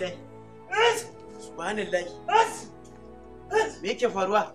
subhanallahi subhanallahi me yake faruwa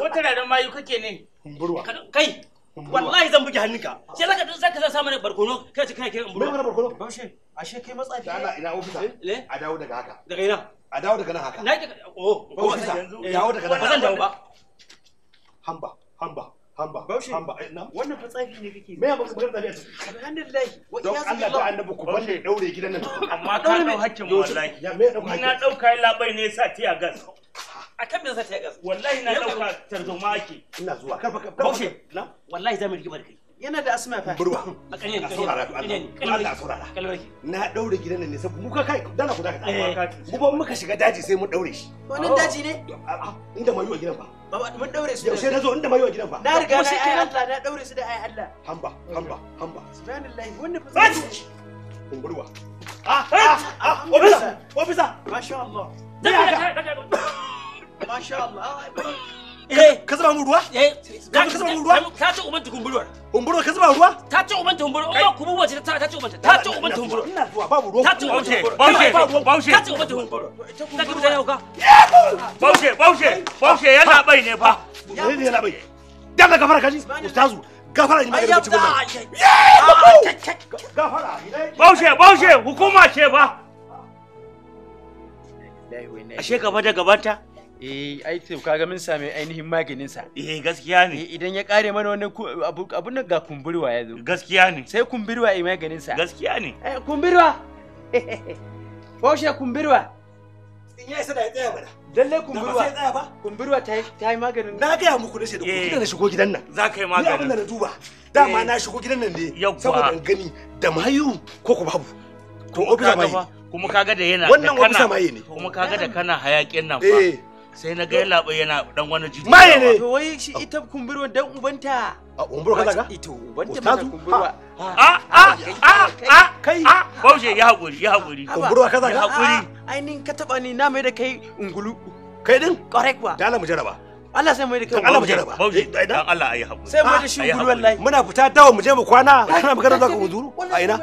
wata ranar mayu kake ne kai wallahi zan buge hannunka sai zaka zaka sa mana barkono kai ce kai kiran burwa barkono baushe ashe kai matsafi Allah ina ofisa a dawo daga haka daga ina a dawo daga nan haka na ki oh, oh ofisa dawo daga nan eh, ba zan dawo ba hamba hamba hamba baushe hamba eh, wannan fa ne kake me ya baka alhamdulillah wa Allah da annabi ku daure gidan nan amma ka dau hakkin wallahi ya me dauka ina dauka labai ne sa tiya gas akan me zan ta gas wallahi na dauka tarzoma ake ina zuwa karfa karfa boshe wallahi zamu rigima da kai yana da asma fa burwa a kanye ka saurara to Allah saurara kalmarki na daure gidan nan ne saboda muka kai dana ku daga eh. mu ba muka shiga daji sai mu daure shi wannan daji ne inda mayu a gidan ba Baba, mun daure su yaushe nazo inda mayu a gidan ba na riga na ai Allah na daure su da ai Allah hamba hamba hamba subhanallahi wannan fa burwa ah ah ah, ah obisa obisa masha Allah Masha Allah. Eh, eh, ka zuba mu ruwa? Eh, ka zuba mu ruwa? Ta ce uban ta kumburwar. ka zuba ruwa? Ta ce uban ta kumburwar. Uban kuma wace ta ta ce uban ta. Ta ce uban ta kumburwar. Ina babu ruwa. Ta ce uban ta kumburwar. Baushe. Ta ce uban ta kumburwar. Ta ki mutane hauka. Baushe, baushe, baushe yana bai ne fa. Ne yana bai. Dan ka fara kaji. Ustazu, gafara ne maganin cikin nan. Gafara. Baushe, hukuma ce fa. Ashe gaba da gabanta. eh ai ka ga mun same ainihin maganin sa eh gaskiya ne eh, idan ya kare mana wannan abun nan ga kumburwa ya zo gaskiya ne sai kumburwa ai maganin sa gaskiya ne eh kumburwa boshe kumburwa in ya isa da ya tsaya mana dalle kumburwa sai tsaya ba kumburwa ta yi ta yi maganin na ga muku da shi eh. da kuma na shigo gidan nan za ka yi maganin ni abin da na duba dama eh. na shigo gidan nan ne saboda in gani da mayu ko ko babu to ofisa mai kuma kaga da yana wannan ofisa mai ne kuma kaga da kana hayakin nan fa sai na ga labai yana dan wani jiji mai ne to wai shi ita kumburwa dan ubanta a kumburwa ka zaga ito ubanta mata kumburwa a a a a kai bauje ya hakuri ya hakuri kumburwa ka zaga hakuri ainin ka taba ni na mai da kai ungulu kai din kore kuwa dala mu jaraba Allah sai mai da kai Allah mu jaraba bauje eh, dan Allah ayi hakuri sai mai da shi ungulu wallahi muna fita dawo mu je mu kwana kana magana zaka uzuru a ina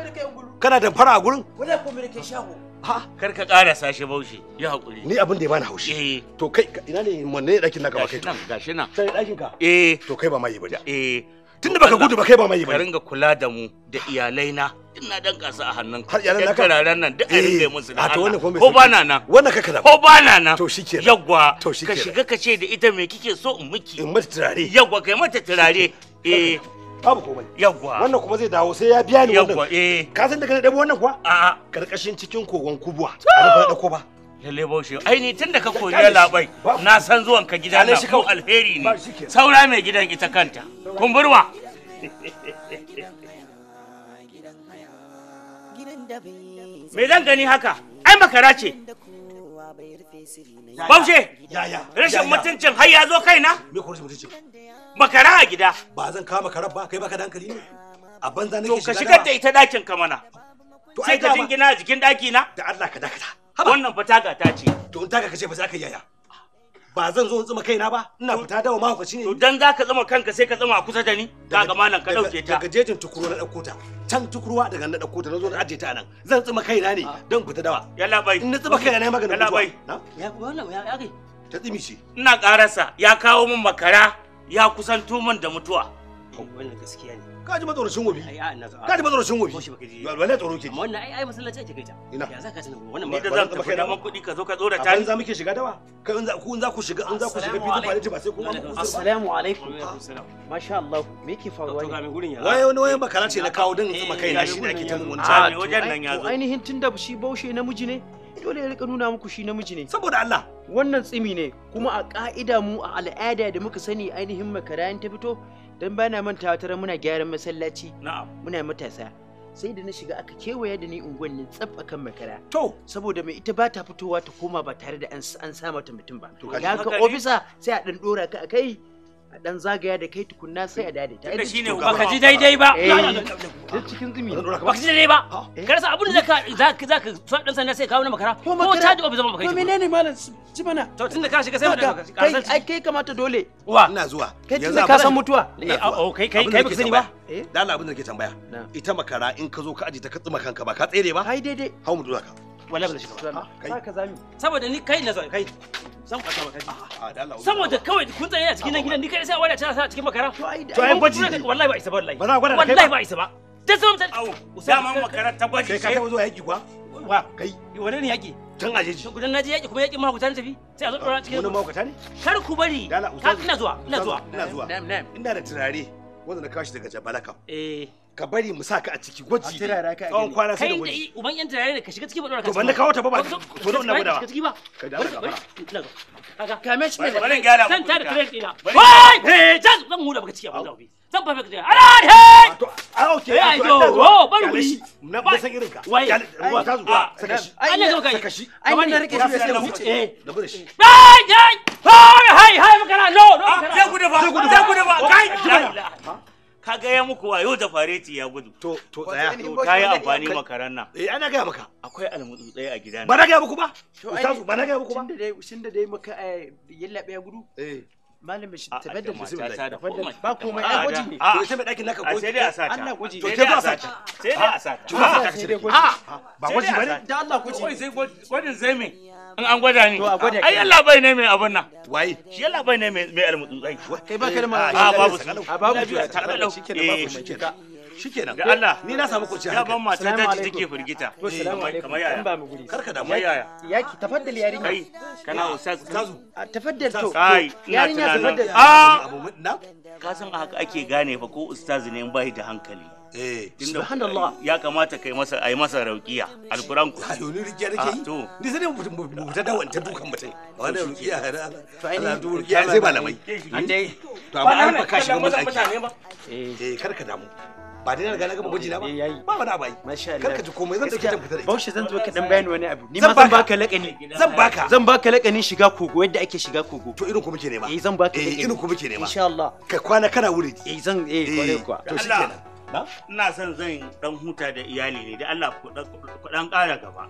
kana fara a gurin wallahi ko mai da kai shago ha kar ka ƙara sashe baushi ya hakuri ni abin da ya bani haushi eh to kai ina ne dakin naka ba to gashi nan sai dakin ka eh to kai ba mai bane eh tunda baka gudu ba kai ba mai ka ringa kula da mu da iyalai na ina dan kasa a hannun ka har naka nan duk a eh. ringa musu da wannan ko bana nan wannan ka kada ko bana nan to shikenan yagwa ka shiga ka ce da ita me kike so in miki in mata turare yagwa kai mata turare eh babu komai yawwa wannan kuma zai dawo sai ya biya ni wannan eh ka san daga ka dabo wannan kuwa a'a karkashin cikin kogon kubwa a ba dako ba lalle baushe ai ni tunda ka koyi labai na san zuwan ka gida na ko alheri ne saura mai gidan ita kanta kumburwa me zan gani haka ai makara ce Baushe! Rashin mutuncin har ya zo kai na? Me ko rashin mutuncin? Makara a gida. Ba zan kawo makara ba, kai baka da hankali ne. A banza nake shiga. To ka shigar da ita dakin ka mana. To ai ka jingina jikin daki na? Da Allah ka dakata. Wannan fataga ta ce. To in taka kace ba za ka yaya. ba zan zo tsuma kaina ba ina fita dawa mahaukaci ne to dan zaka zama kanka sai ka zama a kusa da ni ka ga malam ka dauke ta daga jejin tukuru na dauko ta can tukuruwa daga na dauko ta nazo na aje ta nan zan tsuma kaina ne ah. dan fita dawa yalla bai in na tsuma kaina ne magana yalla bai ya wannan ya ta tsimi ce ina karasa ya kawo min makara ya kusanto min da mutuwa wannan gaskiya ne ka ji matsorocin wobi ka ji matsorocin wobi wallahi tsoro ke ji wannan ai ai masallaci kaita ina ya zaka tana wannan da zan tafi da man kuɗi ka zo ka tsora ta za muke shiga dawa kai in za ku in za ku shiga in za ku shiga filin ba sai ku assalamu alaikum masha Allah me yake faruwa wani wayan bakara ce na kawo din zuma eh, kai na shi da ake tan wani tsami wajen nan ya zo ainihin tunda shi baushe namiji ne dole ya rika nuna muku shi namiji ne saboda Allah wannan tsimi ne kuma a ka'ida mu a al'ada da muka sani ainihin makara ta fito don ba na manta wata muna gyaran masallaci muna matasa sai da na shiga aka kewaye da ni unguwan nan tsaf akan makara to saboda mai ita ba ta fitowa ta koma ba tare da an sa mata mutum ba to ka ofisa sai a dan dora ka akai dan zagaya da kai tukunna sai a daidaita da shine baka ji daidai ba eh, duk cikin zumi baka ji daidai ba kar sa abin da ka zaka zaka so dan sanda sai kawo na makara ko ta ji charge of zaman makara to menene malam ji mana to tunda ka shiga sai mu kai ai kai kamata dole wa ina zuwa kai tunda ka san mutuwa eh kai kai kai baka sani ba eh? dala abin da nake tambaya ita makara in ka zo ka aje ta ka tsima kanka ba ka tsere ba kai daidai hawo mu dura ka wallahi ba shi ba kai ka zami saboda ni kai na zo kai san kwata ba kaji ah, saboda kawai kun a cikin nan gidan ni kai sai a wadace sa cikin makara to ai gwaji wallahi ba isa ba wallahi ba za gwada kai wallahi ba isa ba da zaman sai dama makara ta gwaji sai ka zo yaki kuwa wa kai eh, wane ne yaki can aje ji gudan yaki kuma yaki mahaukata ne tafi sai a zo dora cikin wani ne kar ku bari ka ina zuwa ina zuwa ina zuwa ina da turare wanda na kashi daga jabalaka eh ka bari mu saka a ciki gwaji tsawon kwana sai da gwaji kai uban yan tarayya ne ka shiga ciki ba dora ka to ban da kawo ta ba ba ko da wannan gudawa ka ciki ba ka da ka fara ka me shi ne bari gyara san ta da kare ina wai he jas zan mu da baka ciki ba zan zan fa fake ala he to a ah, oke ai to o bari guri na ba san irin ka wai ruwa ta zuwa ah, ah, saka shi ai ne ka saka shi ai ne na rike shi sai wuce eh, eh. da bari shi ai ai hai hai makara no no sai gudu ba sai gudu ba kai kaga ya muku wayo da fareti ya gudu to to tsaya to ta yi amfani makaran nan eh ana ga maka akwai almudu tsaye a gidana ba na ga muku ba ustazu ba na ga muku ba shin da dai shin da dai maka eh, yallabe ya gudu eh malam bashir ta bada musu ba komai ai gwaji ne to ita mai dakin naka gwaji sai dai a sata Allah gwaji to ke ba sata sai dai a sata ki ba sata ka sai a ba gwaji bane da Allah gwaji kai sai gwajin sai me in an gwada ni ai Allah bai ne mai abun nan waye shi Allah bai ne mai almutsutsai kai ba kai ma a babu a babu ta da shikenan babu mai kika shikenan da Allah ni na samu kwanciyar hankali ya ban mace ta take firgita eh, kamar yaya karka da mai yaya yaki tafaddal yarinya kai kana ustaz kazu tafaddal to kai yarinya tafaddal ah! a ka san haka ake gane fa ko ustaz ne in bai da hankali eh. subhanallah ya kamata kai masa ai masa rauqiya alquran ku ayo ni rike rike yi ah, to ni sai mu ta dawan ta dukan mutai wala rauqiya ala du rauqiya sai malamai hmm? an dai to amma an baka shi mutane ba eh karka damu ba dai na riga na gama gwaji na ba eh, ba wani abu ai kar ka ji komai zan dauke zan fita da ita baushe zan zo ka dan bayani wani abu ni ma zan baka lakani zan baka zan baka lakanin shiga kogo yadda ake shiga kogo to irin ku muke ma eh zan baka eh irin ku muke nema insha Allah ka kwana kana wuri eh zan eh, eh kware kwa to shikenan ina son zan dan huta da iyali ne da Allah ku dan ƙara gaba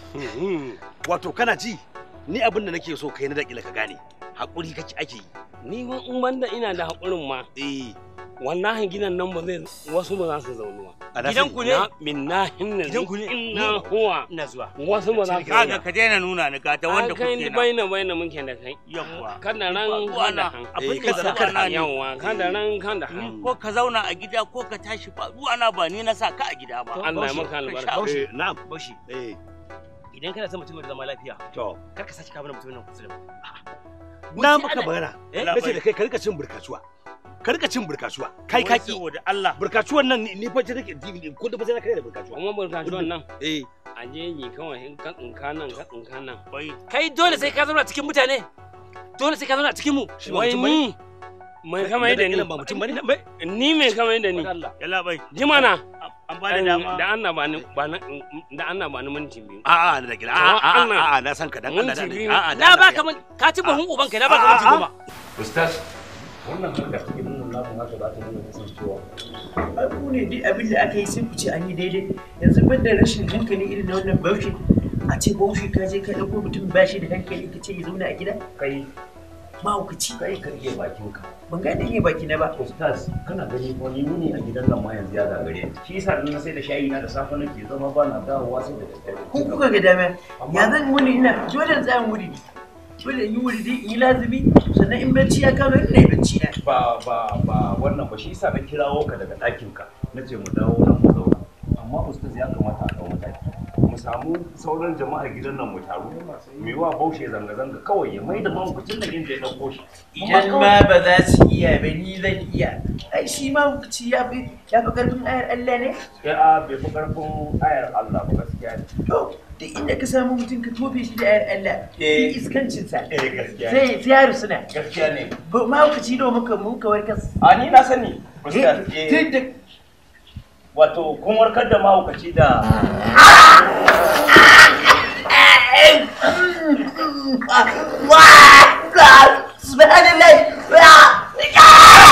wato kana ji ni abin da nake so kai na daƙila ka gane haƙuri kake ake yi ni in banda ina da haƙurin ma eh wannan gidan nan ba zai wasu ba za su zaunu ba gidan ku ne min nahin na gidan ku ne na huwa na zuwa wasu ba za su kaga ka daina nuna ni ga da wanda kuke na kai bai na mun ke da kai yawa eh, da ran da han abin da saka na yawa da ran da han ko ka zauna a gida ko ka tashi ba ruwa na ba ni na sa ka a gida ba Allah ya maka albarka na bashi eh, eh idan kana son mutum da zama lafiya to kar ka sace ka bana mutum nan kusa da na maka magana Eh. ce da kai ka rika cin burkatuwa ka rika cin burkasuwa kai ka ki saboda Allah burkasuwan nan ni fa take dibi ko da fa sai na da burkasuwa amma burkasuwan nan eh anje je ni kawai in ka in ka nan ka in ka nan kai dole sai ka zauna cikin mutane dole sai ka zauna cikin mu wai ni mai kama yadda ni ba mutum bane bai ni mai kama yadda ni yalla bai jimana an ba da dama da Allah ba ni ba da Allah ba ni minti biyu a a da gida a a a na san ka dan Allah da a a da baka ka ci bahun uban ka na baka minti ba ustaz wannan harkar ya kamata ba ta nuna kasancewa. Ai ku ne duk abin da aka yi sai ku ce an yi daidai yanzu ban da rashin hankali irin na wannan bauchi a ce bauchi ka je ka ɗauko mutum ba shi da hankali ka ce ya zauna a gida. Kai mahaukaci. Kai ka rike bakinka. Ban gane rike bakina ba. Ustaz kana gani wani ne a gidan nan ma yanzu ya gagare ni. Shi yasa na sai da shayi na da safe nake zama ba na dawowa sai da daddare. Ku kuka ga dama ya zan wuni ina dole zan wuni. dole in yi wurdi in yi lazimi, sannan in bacci ya kama ina yi bacci na. Ba ba ba wannan ba shi yasa na kirawo ka daga ɗakin ka na ce mu dawo nan mu zauna. Amma ustaz ya kamata a kawo mataki. Mu samu sauran jama'a gidan nan mu taru. Mu yi wa baushe zanga-zanga kawai ya mai da mahaukacin da inda ya ɗauko shi. Idan ma ba za su iya ba ni zan iya. Ai shi mahaukaci ya fi ya fi ƙarfin ayar Allah ne? Ya bai fi ƙarfin ayar Allah ba gaskiya ne. da inda ka samu mutum ka tofe shi da ayar Allah eh iskancin sa sai sai suna ba ma ka ci do ka mun ka warkar a ni na sani wato kun warkar da mahaukaci da Subhanallah!